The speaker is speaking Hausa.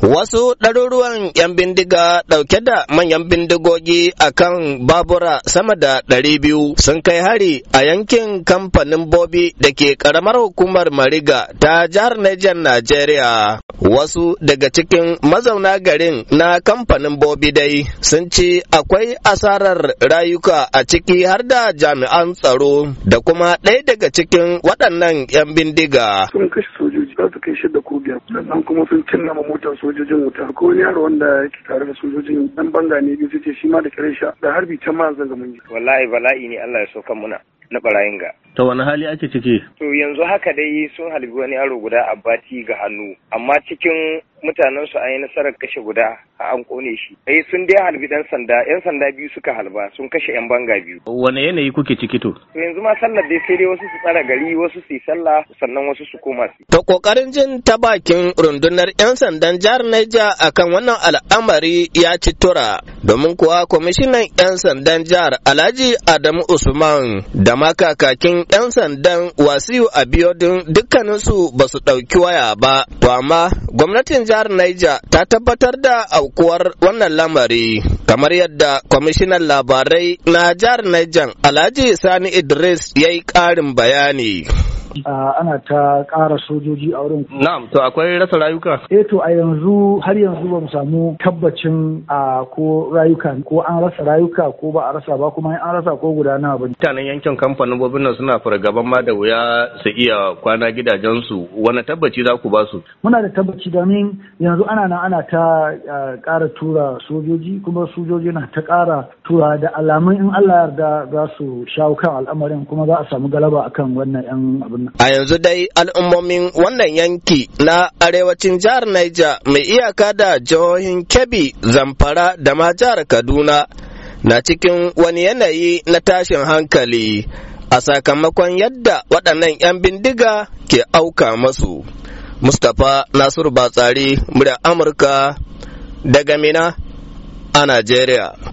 Wasu ɗaruruwan 'yan bindiga ɗauke da manyan bindigogi a kan babura sama da ɗari biyu sun kai hari a yankin kamfanin Bobi da ke ƙaramar hukumar Mariga ta jihar Niger, Najeriya. Wasu daga cikin mazauna garin na kamfanin Bobi dai sun ci akwai asarar rayuka a ciki har da jami'an tsaro da kuma ɗaya daga cikin waɗannan 'yan bindiga. za su kai da ko biyar sannan kuma sun cinna ma motar sojojin wuta ko wani yaro wanda yake tare da sojojin dan banga ne biyu ce shi ma da kare da harbi can ma zanga mun yi wallahi bala'i ne Allah ya sauka muna na barayin ga ta wani hali ake ciki to yanzu haka dai sun halbi wani yaro guda a bati ga hannu amma cikin mutanen su an yi nasarar kashe guda a an kone shi eh sun dai halbi dan sanda yan sanda biyu suka halba sun kashe yan banga biyu Wani yanayi kuke ciki to yanzu ma sallar dai sai dai wasu su tsara gari wasu su yi sallah sannan wasu su koma su to kokarin jin ta bakin rundunar yan sandan jihar Niger akan wannan al'amari ya ci tura domin kuwa kwamishinan yan sandan jihar Alhaji Adamu Usman da ma kakakin 'yan sandan wasiyu abiodun dukkaninsu ba su ɗauki waya ba to amma gwamnatin jihar niger ta tabbatar da aukuwar wannan lamari kamar yadda kwamishinan labarai na jihar niger alhaji sani idris ya yi ƙarin bayani ana ta ƙara sojoji a wurin. Na'am, to akwai rasa rayuka? Eh to a yanzu har yanzu ba mu samu tabbacin a ko rayuka ko an rasa rayuka ko ba a rasa ba kuma an rasa ko guda nawa ba. Mutanen yankin kamfanin bobin nan suna fargaban ma da wuya su iya kwana gidajensu wani tabbaci za ku ba su? Muna da tabbaci domin yanzu ana nan ana ta ƙara tura sojoji kuma sojoji na ta ƙara tura da alamun in Allah yarda za su shawo kan al'amarin kuma za a samu galaba akan wannan 'yan abin A yanzu dai al'ummomin wannan yanki na arewacin jihar Naija mai iyaka da jihohin Kebbi, Zamfara da ma jihar Kaduna na cikin wani yanayi na tashin hankali a sakamakon yadda waɗannan 'yan bindiga ke auka masu. Mustapha Nasiru Batsari, murya Amurka daga Mina a Najeriya.